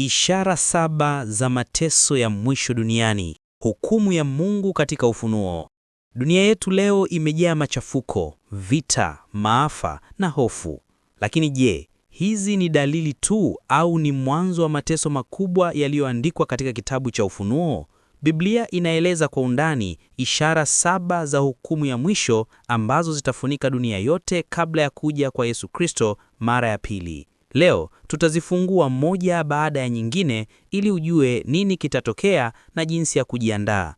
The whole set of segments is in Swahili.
Ishara saba za mateso ya mwisho duniani, hukumu ya Mungu katika Ufunuo. Dunia yetu leo imejaa machafuko, vita, maafa na hofu. Lakini je, hizi ni dalili tu au ni mwanzo wa mateso makubwa yaliyoandikwa katika kitabu cha Ufunuo? Biblia inaeleza kwa undani ishara saba za hukumu ya mwisho ambazo zitafunika dunia yote kabla ya kuja kwa Yesu Kristo mara ya pili. Leo tutazifungua moja baada ya nyingine ili ujue nini kitatokea na jinsi ya kujiandaa.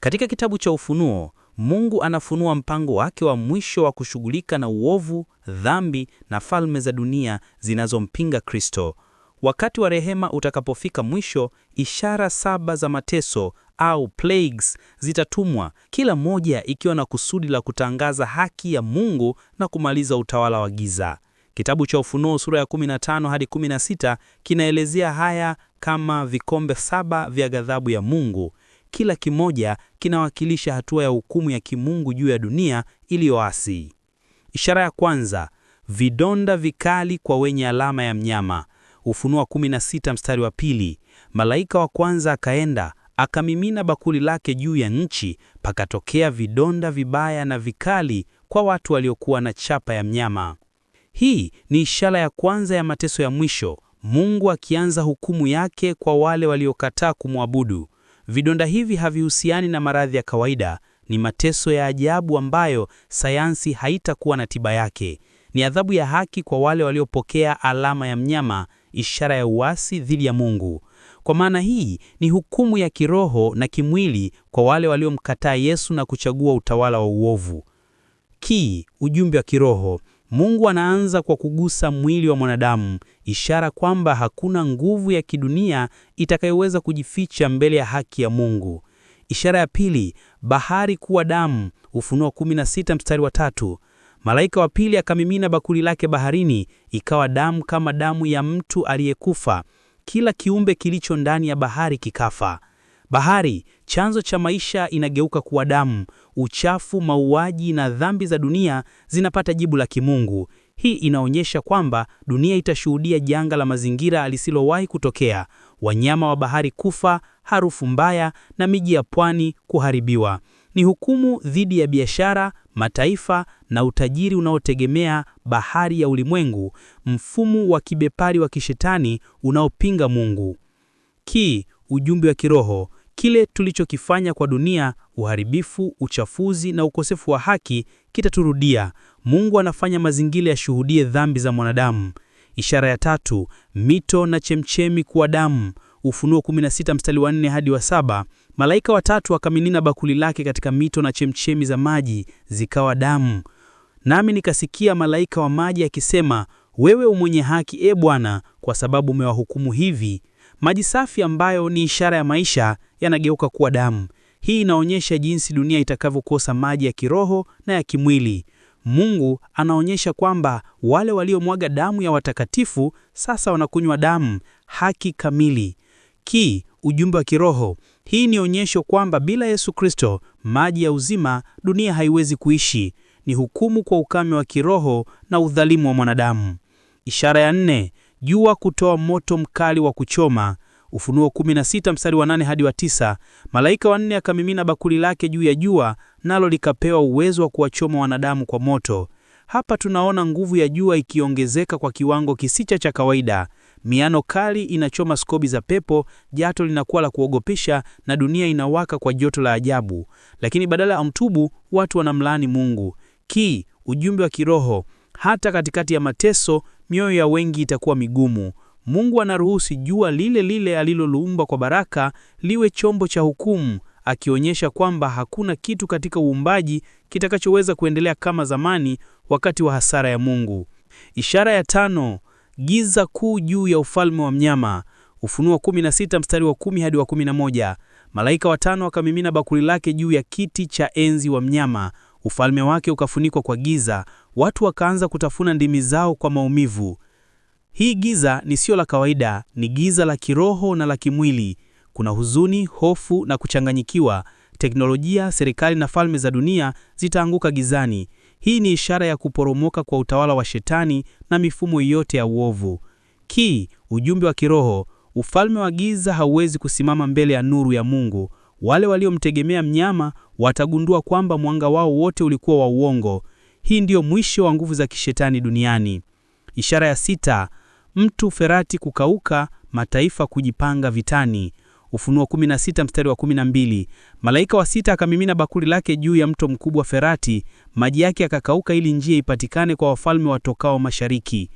Katika kitabu cha Ufunuo, Mungu anafunua mpango wake wa mwisho wa kushughulika na uovu, dhambi na falme za dunia zinazompinga Kristo. Wakati wa rehema utakapofika mwisho, ishara saba za mateso au plagues zitatumwa, kila moja ikiwa na kusudi la kutangaza haki ya Mungu na kumaliza utawala wa giza. Kitabu cha Ufunuo sura ya 15 hadi 16 kinaelezea haya kama vikombe saba vya ghadhabu ya Mungu. Kila kimoja kinawakilisha hatua ya hukumu ya kimungu juu ya dunia iliyoasi. Ishara ya kwanza, vidonda vikali kwa wenye alama ya mnyama. Ufunuo 16 mstari wa pili. Malaika wa kwanza akaenda akamimina bakuli lake juu ya nchi, pakatokea vidonda vibaya na vikali kwa watu waliokuwa na chapa ya mnyama. Hii ni ishara ya kwanza ya mateso ya mwisho, Mungu akianza hukumu yake kwa wale waliokataa kumwabudu. Vidonda hivi havihusiani na maradhi ya kawaida, ni mateso ya ajabu ambayo sayansi haitakuwa na tiba yake. Ni adhabu ya haki kwa wale waliopokea alama ya mnyama, ishara ya uasi dhidi ya Mungu. Kwa maana hii ni hukumu ya kiroho na kimwili kwa wale waliomkataa Yesu na kuchagua utawala wa uovu. Ki ujumbe wa kiroho Mungu anaanza kwa kugusa mwili wa mwanadamu, ishara kwamba hakuna nguvu ya kidunia itakayoweza kujificha mbele ya haki ya Mungu. Ishara ya pili, bahari kuwa damu, Ufunuo 16 mstari wa tatu. Malaika wa pili akamimina bakuli lake baharini, ikawa damu kama damu ya mtu aliyekufa. Kila kiumbe kilicho ndani ya bahari kikafa. Bahari, chanzo cha maisha, inageuka kuwa damu. Uchafu, mauaji na dhambi za dunia zinapata jibu la kimungu. Hii inaonyesha kwamba dunia itashuhudia janga la mazingira lisilowahi kutokea: wanyama wa bahari kufa, harufu mbaya na miji ya pwani kuharibiwa. Ni hukumu dhidi ya biashara, mataifa na utajiri unaotegemea bahari ya ulimwengu, mfumo wa kibepari wa kishetani unaopinga Mungu. Ki, ujumbe wa kiroho. Kile tulichokifanya kwa dunia, uharibifu, uchafuzi na ukosefu wa haki, kitaturudia. Mungu anafanya mazingira yashuhudie dhambi za mwanadamu. Ishara ya tatu, mito na chemchemi kuwa damu. Ufunuo 16 mstari wa 4 hadi wa saba. Malaika watatu akaminina bakuli lake katika mito na chemchemi za maji, zikawa damu. Nami nikasikia malaika wa maji akisema, wewe umwenye haki, e Bwana, kwa sababu umewahukumu hivi Maji safi ambayo ni ishara ya maisha yanageuka kuwa damu. Hii inaonyesha jinsi dunia itakavyokosa maji ya kiroho na ya kimwili. Mungu anaonyesha kwamba wale waliomwaga damu ya watakatifu sasa wanakunywa damu, haki kamili. Ki, ujumbe wa kiroho. Hii ni onyesho kwamba bila Yesu Kristo, maji ya uzima, dunia haiwezi kuishi. Ni hukumu kwa ukame wa kiroho na udhalimu wa mwanadamu. Ishara ya nne, jua kutoa moto mkali wa kuchoma. Ufunuo 16 mstari wa 8 hadi wa tisa. Malaika wanne akamimina bakuli lake juu ya jua, nalo likapewa uwezo wa kuwachoma wanadamu kwa moto. Hapa tunaona nguvu ya jua ikiongezeka kwa kiwango kisicha cha kawaida. Miano kali inachoma skobi za pepo, jato linakuwa la kuogopesha na dunia inawaka kwa joto la ajabu. Lakini badala ya mtubu, watu wanamlaani Mungu. Ki, ujumbe wa kiroho hata katikati ya mateso, mioyo ya wengi itakuwa migumu. Mungu anaruhusi jua lile lile aliloluumba kwa baraka liwe chombo cha hukumu, akionyesha kwamba hakuna kitu katika uumbaji kitakachoweza kuendelea kama zamani wakati wa hasara ya Mungu. Ishara ya tano, giza kuu juu ya ufalme wa mnyama. Ufunuo 16 mstari wa 10 hadi wa 11. Malaika watano akamimina bakuli lake juu ya kiti cha enzi wa mnyama Ufalme wake ukafunikwa kwa giza, watu wakaanza kutafuna ndimi zao kwa maumivu. Hii giza ni sio la kawaida, ni giza la kiroho na la kimwili. Kuna huzuni, hofu na kuchanganyikiwa. Teknolojia, serikali na falme za dunia zitaanguka gizani. Hii ni ishara ya kuporomoka kwa utawala wa Shetani na mifumo yote ya uovu. Ki, ujumbe wa kiroho, ufalme wa giza hauwezi kusimama mbele ya nuru ya Mungu. Wale waliomtegemea mnyama watagundua kwamba mwanga wao wote ulikuwa wa uongo. Hii ndiyo mwisho wa nguvu za kishetani duniani. Ishara ya sita, mtu ferati kukauka, mataifa kujipanga vitani. Ufunuo 16 mstari wa 12. Malaika wa sita akamimina bakuli lake juu ya mto mkubwa Ferati, maji yake yakakauka, ili njia ipatikane kwa wafalme watokao mashariki.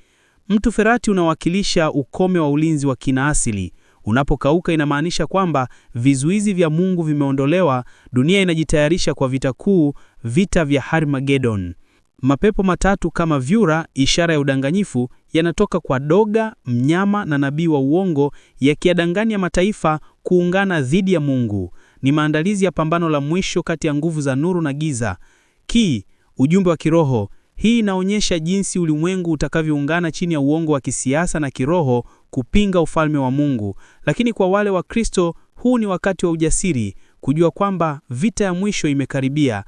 Mto Ferati unawakilisha ukome wa ulinzi wa kinaasili. Unapokauka inamaanisha kwamba vizuizi vya Mungu vimeondolewa, dunia inajitayarisha kwa vita kuu, vita vya Harmagedon. Mapepo matatu kama vyura, ishara ya udanganyifu, yanatoka kwa doga, mnyama na nabii wa uongo, yakiyadanganya mataifa kuungana dhidi ya Mungu. Ni maandalizi ya pambano la mwisho kati ya nguvu za nuru na giza. Ki, ujumbe wa kiroho hii inaonyesha jinsi ulimwengu utakavyoungana chini ya uongo wa kisiasa na kiroho kupinga ufalme wa Mungu. Lakini kwa wale wa Kristo, huu ni wakati wa ujasiri, kujua kwamba vita ya mwisho imekaribia.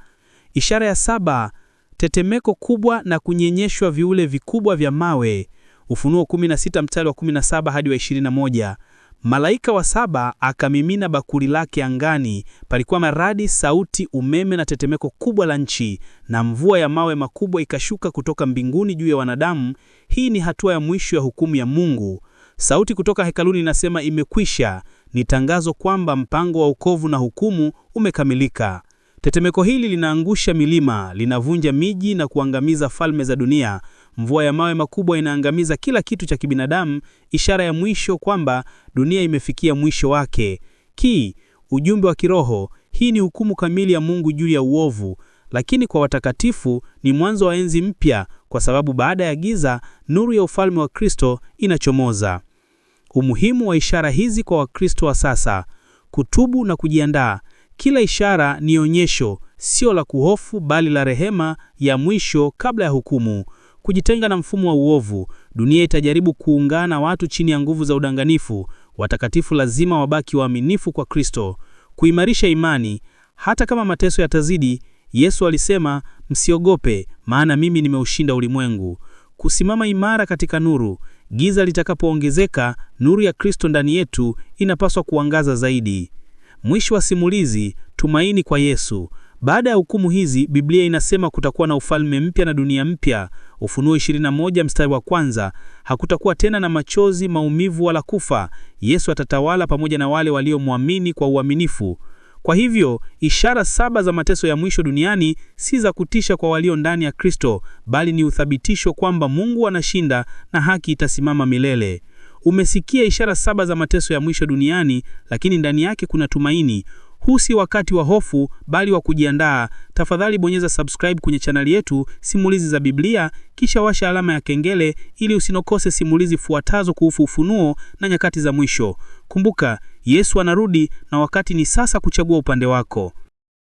Ishara ya saba, tetemeko kubwa na kunyenyeshwa viule vikubwa vya mawe. Ufunuo 16 mstari wa 17 hadi wa 21. Malaika wa saba akamimina bakuli lake angani. Palikuwa na radi, sauti, umeme na tetemeko kubwa la nchi, na mvua ya mawe makubwa ikashuka kutoka mbinguni juu ya wanadamu. Hii ni hatua ya mwisho ya hukumu ya Mungu. Sauti kutoka hekaluni inasema imekwisha. Ni tangazo kwamba mpango wa wokovu na hukumu umekamilika. Tetemeko hili linaangusha milima, linavunja miji na kuangamiza falme za dunia. Mvua ya mawe makubwa inaangamiza kila kitu cha kibinadamu, ishara ya mwisho kwamba dunia imefikia mwisho wake. Ki, ujumbe wa kiroho, hii ni hukumu kamili ya Mungu juu ya uovu, lakini kwa watakatifu ni mwanzo wa enzi mpya, kwa sababu baada ya giza, nuru ya ufalme wa Kristo inachomoza. Umuhimu wa ishara hizi kwa Wakristo wa sasa: kutubu na kujiandaa. Kila ishara ni onyesho, sio la kuhofu, bali la rehema ya mwisho kabla ya hukumu kujitenga na mfumo wa uovu, dunia itajaribu kuungana watu chini ya nguvu za udanganifu. Watakatifu lazima wabaki waaminifu kwa Kristo, kuimarisha imani hata kama mateso yatazidi. Yesu alisema, msiogope, maana mimi nimeushinda ulimwengu. Kusimama imara katika nuru. Giza litakapoongezeka, nuru ya Kristo ndani yetu inapaswa kuangaza zaidi. Mwisho wa simulizi, tumaini kwa Yesu. Baada ya hukumu hizi, Biblia inasema kutakuwa na ufalme mpya na dunia mpya. Ufunuo 21 mstari wa kwanza. Hakutakuwa tena na machozi, maumivu wala kufa. Yesu atatawala pamoja na wale waliomwamini kwa uaminifu. Kwa hivyo, ishara saba za mateso ya mwisho duniani si za kutisha kwa walio ndani ya Kristo, bali ni uthabitisho kwamba Mungu anashinda na haki itasimama milele. Umesikia ishara saba za mateso ya mwisho duniani, lakini ndani yake kuna tumaini. Huu si wakati wa hofu, bali wa kujiandaa. Tafadhali bonyeza subscribe kwenye chaneli yetu Simulizi za Biblia, kisha washa alama ya kengele ili usinokose simulizi fuatazo kuhusu ufunuo na nyakati za mwisho. Kumbuka, Yesu anarudi na wakati ni sasa kuchagua upande wako.